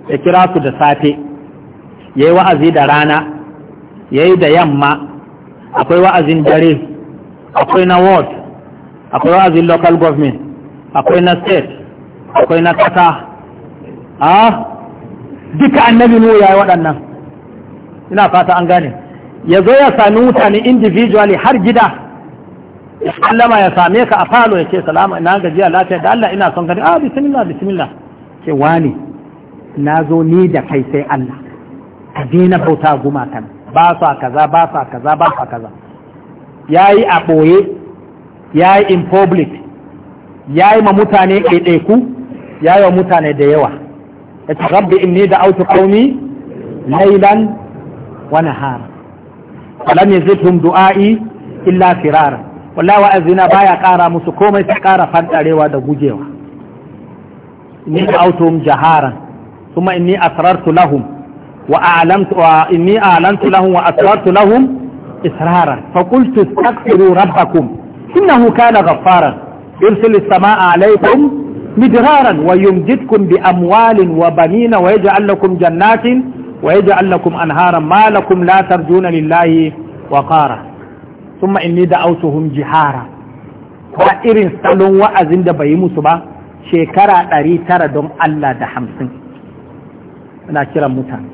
ya kira su da safe ya yi wa'azi da rana ya yi da yamma akwai wa'azin dare akwai na ward akwai wa'azin local government akwai na state akwai na kasa ah duka annabi nuhu ya yi waɗannan ina fata an gane ya zo ya sami mutane individually har gida ya sallama ya same ka a falo ya ce salama ina gajiya lafiya da Allah ina son gani ah bismillah bismillah ce wani na ni da kai sai Allah a daina bauta kan ba kaza ba a kaza ba a kaza yayi a ɓoye yayi in public yayi ma mutane ɗaiɗaiku yayi wa mutane da yawa رب إني دعوت قومي ليلا ونهارا ولم يزدهم دعائي إلا فرارا والله وأذنا بايا قارا مسكومة قارا فانت عليوا دبوجيوا إني دعوتهم جهارا ثم إني أسررت لهم وأعلمت وإني أعلنت لهم وأسررت لهم إسرارا فقلت استغفروا ربكم إنه كان غفارا يرسل السماء عليكم midraran wa yumdidkum bi amwalin wa banina wa yaj'al lakum jannatin wa yaj'al lakum anharan ma lakum la tarjuna lillahi wa qara thumma inni da'awtuhum jihara ba irin salon wa'azin da bai yi musu ba shekara ɗari tara don Allah da hamsin ina kiran mutane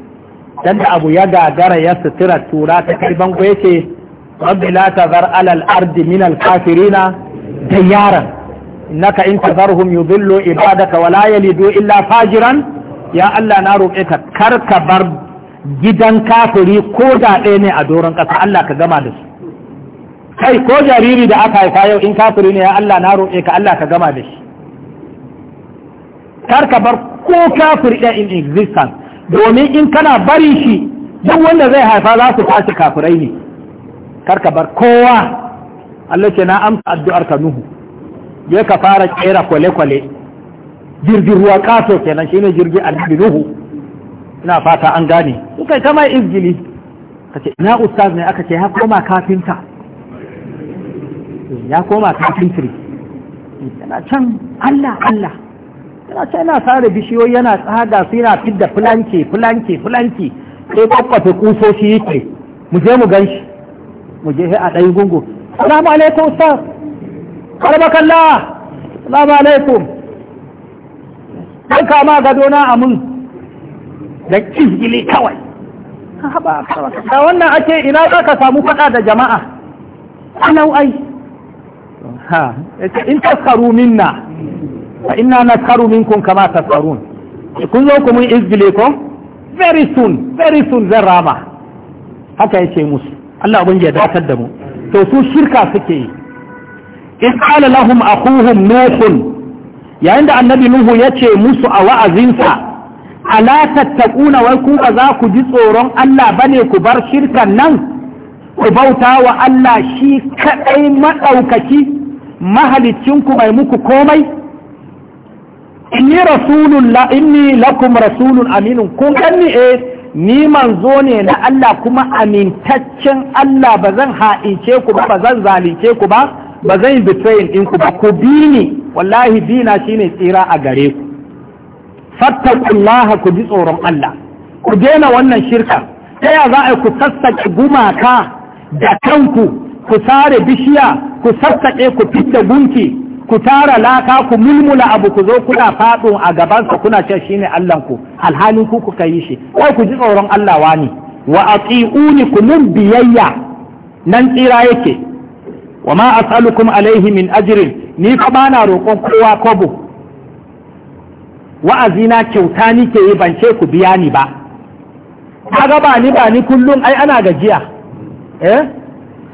dan abu ya gagara ya sutura tura ta kai bango yake rabbi la tazar alal ardi min al kafirina da yaran Naka in tazarhum yudillu ibadaka wala yalidu illa fajiran ya Allah na roƙe ka kar ka bar gidan kafiri ko da ɗaya ne a doron ƙasa Allah ka gama da su kai ko jariri da aka haifa yau in kafiri ne ya Allah na roƙe ka Allah ka gama da shi kar ka bar ko kafiri ɗaya in existence domin in kana bari shi duk wanda zai haifa za su fashi kafirai ne kar ka bar kowa Allah ce na amsa addu'ar ka nuhu ya ka fara kera kwale-kwale jirgin ruwa kaso kenan shine jirgin annabi nuhu ina fata an gane kai ta mai izgili kace ina ustaz ne aka ce ya koma kafinta ya koma kafintri yana can Allah Allah yana can yana sare bishiyoyi yana tsaga su yana fidda fulanke fulanke fulanke sai kwakwafe kusoshi yake mu je mu shi mu je a ɗayi gungu salamu alaikum ustaz karbaka Allah salamu alaikum ɗan kama gadona a mun da kingili kawai da wannan ake ina za ka samu faɗa da jama'a alau ai in taskaru minna fa inna naskaru minkum kama tasharun? kun zo ku mun izgile ko very soon very soon zan rama haka yake musu Allah ubangiji ya dakatar da mu to su shirka suke yi in qala lahum akhuhum yayin da annabi nuhu ya ce musu a wa'azinsa ala tattaquna wai ku ba ji tsoron Allah bane ku bar shirkan nan ku bauta wa Allah shi kadai maɗaukaki mahalicin ku mai muku komai inni rasulullah inni lakum rasulun aminu kun ganni eh ni manzo ne na Allah kuma amintaccen Allah ba zan ha'ince ku ba ba zan zalice ku ba ba zan yi betrayin ɗinku ba ku bi ni wallahi dina shine tsira a gare ku fattakullaha ku ji tsoron Allah ku daina wannan shirka ta ya za a ku sassaƙe gumaka da kanku ku sare bishiya ku sassaƙe ku fitta gunki ku tara laka ku mulmula abu ku zo kuna faɗo a gabansa kuna cewa ne Allah ku alhalin ku kuka yi shi Ko ku ji tsoron Allah wani wa a ku mun biyayya nan tsira yake wa ma as'alukum alaihi min ajrin ni fa bana roƙon kowa kobo wa'azina kyauta ni ke yi bance ku biya ni ba kaga ba ni ba ni kullum ai ana gajiya eh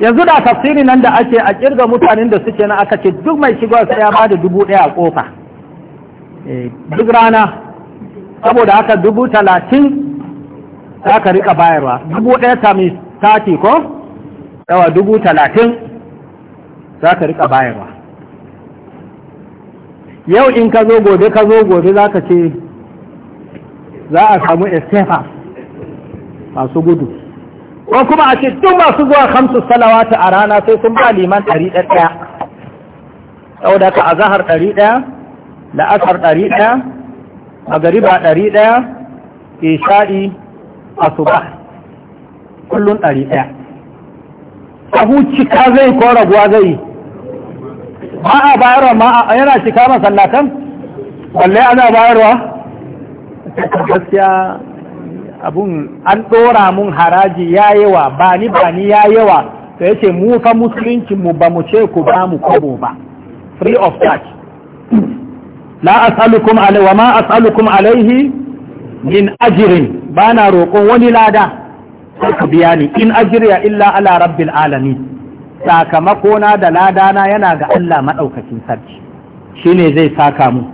yanzu da tafsiri nan da ake a kirga mutanen da suke na aka ce duk mai shigo sai ya bada dubu ɗaya a kofa eh, duk rana saboda haka dubu talatin za ka rika bayarwa dubu ɗaya sami sati ko yawa dubu talatin za ka rika bayarwa yau in ka zo gobe ka zo gobe za ka ce za a samu estefa masu gudu ko kuma a ce duk masu zuwa hamsu salawata a rana sai sun ba liman ɗari ɗaya da ka a zahar ɗari ɗaya la'asar ɗari ɗaya a ba ɗari ɗaya a su ba kullum ɗari ɗaya huci ka zai ko raguwa zai yi. ba a bayarwa ma yana shiga masallatan Wallai ana bayarwa gaskiya abun an ɗora mun haraji ya yawa ba ni ba ni ya yawa da yake mu fa musulunci mu ba mu ce ku ba mu kobo ba free of charge la as'alukum alaihi wa ma as'alukum alaihi min ajirin bana roƙon wani lada ku biya ni in ajriya illa ala rabbil alamin sakamakona da ladana yana ga Allah maɗaukacin sarki shi ne zai saka mu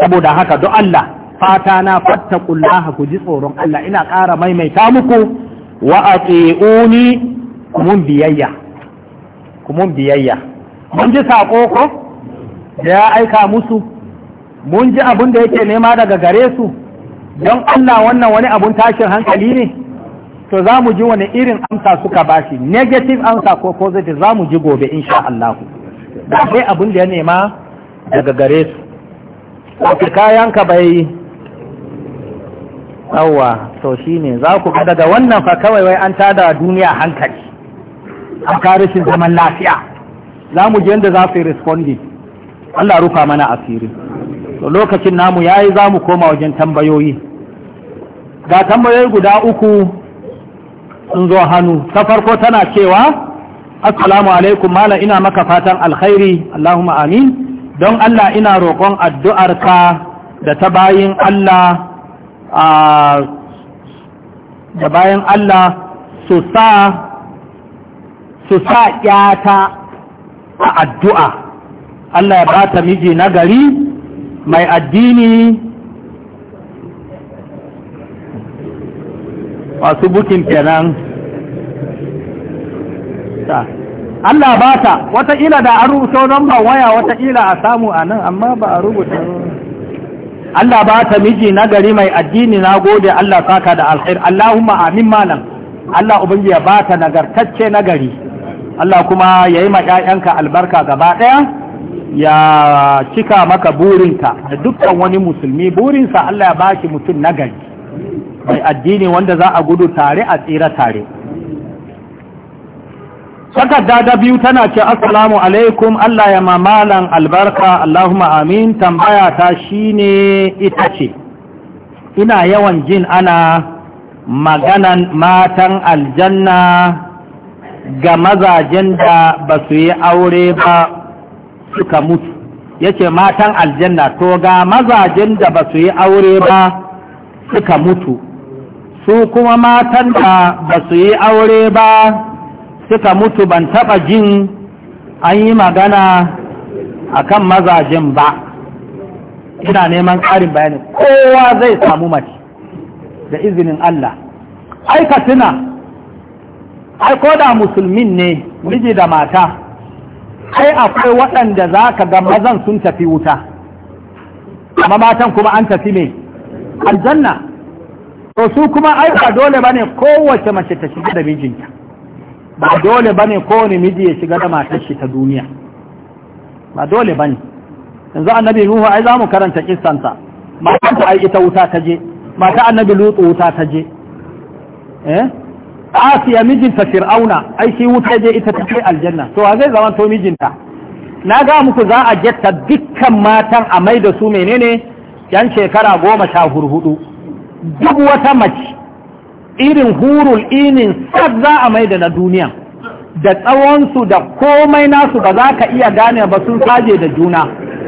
saboda haka duk Allah fata na fattakullaha ku ji tsoron Allah ina ƙara maimaita muku wa a tsi'uni kumun biyayya kumun biyayya mun ji saƙo ko da ya aika musu mun ji abin da yake nema daga gare su don Allah wannan wani abun tashin hankali ne to za mu ji wani irin amsa suka bashi negative amsa ko positive za mu ji gobe insha Allah da sai abin da ya nema daga gare su kayan kayanka bai yawa to shi ne za ku ga daga wannan fa kawai wai an tada duniya hankali an karishin zaman lafiya za mu ji yadda za su yi responding Allah rufa mana asiri to lokacin namu yayi za mu koma wajen tambayoyi ga tambayoyi guda uku sun zo hannu ta farko tana cewa assalamu alaikum mala ina maka fatan alkhairi allahumma amin don allah ina roƙon addu'arka da ta bayin allah da bayan allah su sa ƴata a addu'a allah ya ba ta miji nagari mai addini masu bukin kenan Allah ba ta wataƙila da a rubuta ba waya wataƙila a samu a nan amma ba a rubuta Allah ba ta miji na gari mai addini na gode Allah saka da alkhair Allahumma amin malam Allah ubangi ya ba ta nagartacce na gari Allah kuma ya yi ma 'ya'yanka albarka gaba ɗaya ya cika maka burinka da dukkan wani musulmi burinsa Allah ya ba shi mutum na gari mai addini wanda za a gudu tare a tsira tare takarda ta biyu tana ce assalamu alaikum Allah ya mamalan albarka Allahumma amin tambaya ta ne ita ce ina yawan jin ana maganan matan aljanna ga mazajen da ba su yi aure ba suka mutu Ya ce matan aljanna to ga mazajen da ba su yi aure ba suka mutu su kuma matan da ba su yi aure ba suka mutu ban taba jin an yi magana a kan mazajen ba ina neman ƙarin bayani kowa zai samu mace da izinin Allah aikatuna aiko da musulmin ne miji da mata ai akwai waɗanda za ka ga mazan sun tafi wuta amma matan kuma an tafi ne aljanna to su kuma ai ba dole bane kowace mace ta shiga da mijinta ba dole bane kowane miji ya shiga da matar shi ta duniya ba dole bane yanzu annabi nuhu ai za mu karanta kissanta matan ta ai ita wuta ta je mata annabi lutu wuta ta je eh asiya mijinta fir'auna ai shi wuta je ita ta kai aljanna to zai zama to mijinta na ga muku za a jetta dukkan matan a mai da su menene yan shekara goma sha hurhudu duk wata mace irin hurul inin sad za a mai na duniya da tsawonsu da komai nasu ba za ka iya gane ba sun saje da juna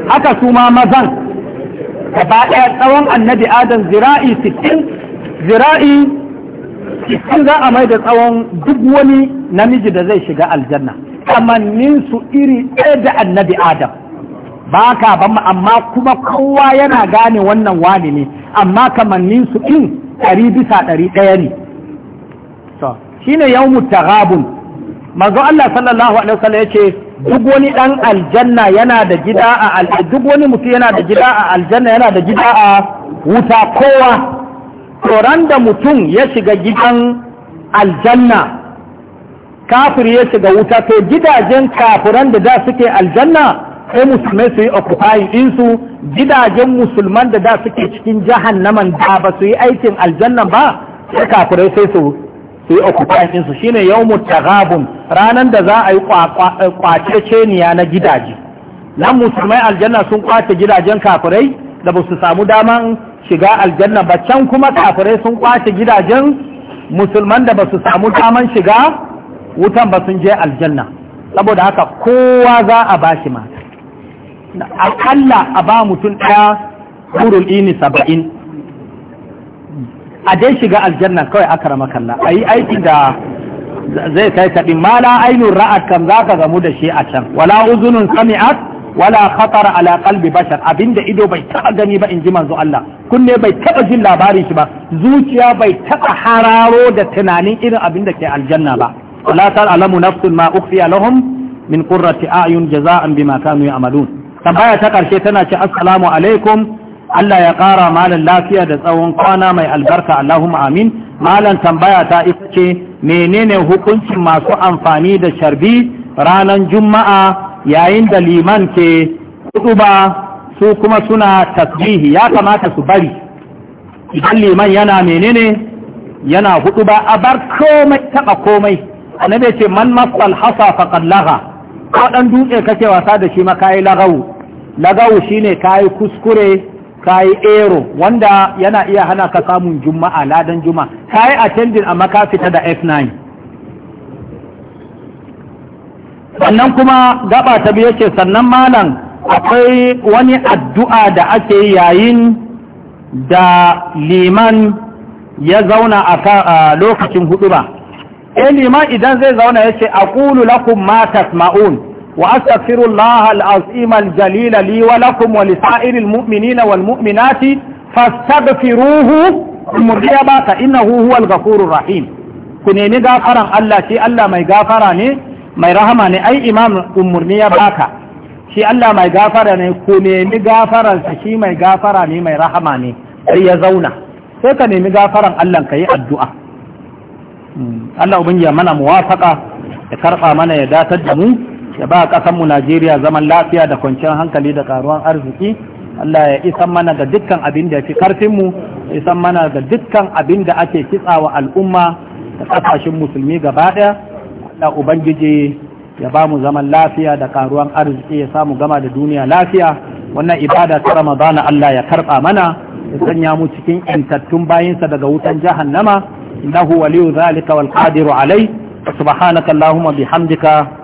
haka su ma mazan ba ɗaya tsawon annabi adam zira'i sittin zira'i sittin za a mai da tsawon duk wani namiji da zai shiga aljanna kamannin su iri ɗaya da annabi adam ba ka ba amma kuma kowa yana gane wannan wani ne amma kamannin su in ɗari bisa ɗari ɗaya ne So shi ne shine yawmu gabun. Mazu Allah sallallahu alaihi wasallam ce duk wani dan aljanna yana da gida a aljanna, duk wani mutum yana da gida a aljanna yana da gida a wuta kowa tsoron da mutum ya shiga gidan aljanna kafir ya shiga wuta to gidajen kafiran da da suke aljanna sai musulmai su yi occupy ɗinsu gidajen musulman da da suke cikin na da ba su yi aikin aljannan ba sai kafirai sai su yi occupy ɗinsu shine yawmu taghabun ranar da za a yi eh, kwace ceniya na gidaje nan musulmai aljanna sun kwace gidajen kafirai da ba su samu daman shiga aljanna ba can kuma kafirai sun kwace gidajen musulman da ba su samu daman shiga wutan ba sun je aljanna saboda haka kowa za a bashi mata akalla a ba mutum ɗaya hurul ini saba'in a dai shiga aljanna kawai aka rama kalla a yi aiki da zai kai kaɗi ma la ainihin ra'ad za ka gamu da shi a can wala uzunun sami'at wala khatara ala qalbi bashar abinda ido bai taɓa gani ba in ji manzo Allah kunne bai taɓa jin labarin shi ba zuciya bai taɓa hararo da tunanin irin abinda ke aljanna ba wala ta'lamu nafsun ma ukhfiya lahum min qurrati a'yun jaza'an bima kanu ya'malun tambaya ta ƙarshe tana ce assalamu alaikum Allah ya ƙara malam lafiya da tsawon kwana mai albarka Allahumma amin malan tambaya ta ita ce menene hukuncin masu amfani da sharbi ranar juma'a yayin da liman ke hudu ba su kuma suna tasbihi ya kamata su bari idan liman yana menene yana hudu ba a bar komai taɓa komai annabi ce man masal hasa faqad ko dan dutse kake wasa da shi makayi lagawu lagawu shine yi kuskure ka yi ero wanda yana iya hana ka samun juma'a ladan juma'a kayi attending a ka fita da F9 sannan kuma gaba ta biyu ce sannan malam akwai wani addu'a da ake yayin da liman ya zauna a lokacin hudu ba eh liman idan zai zauna ya ce a kulu lakum ma tasma'un وأستغفر الله العظيم الجليل لي ولكم ولسائر المؤمنين والمؤمنات فاستغفروه مريبا فإنه هو الغفور الرحيم كنيني غافرا الله شي الله مي غافرا ني مي رحمة ني أي إمام أمرني باكا شي الله مي غافرا ني كنيني غافرا شي مي غافرا ني مي رحمة ني أي زونا سيكا نيني غافرا الله كي الدعاء الله أبنجي منا موافقة ya karɓa mana ya datar da mu ya ba kasanmu Najeriya zaman lafiya da kwanciyar hankali da karuwan arziki Allah ya isan mana ga dukkan abin da ya fi karfinmu ya isan mana ga dukkan abin da ake kitsawa al'umma da ƙasashen musulmi gaba ɗaya Allah Ubangiji ya ba mu zaman lafiya da karuwan arziki ya samu gama da duniya lafiya wannan ibada ta Ramadana Allah ya karɓa mana ya sanya mu cikin intattun bayinsa daga wutan jahannama innahu waliyu zalika wal qadiru alai subhanaka allahumma bihamdika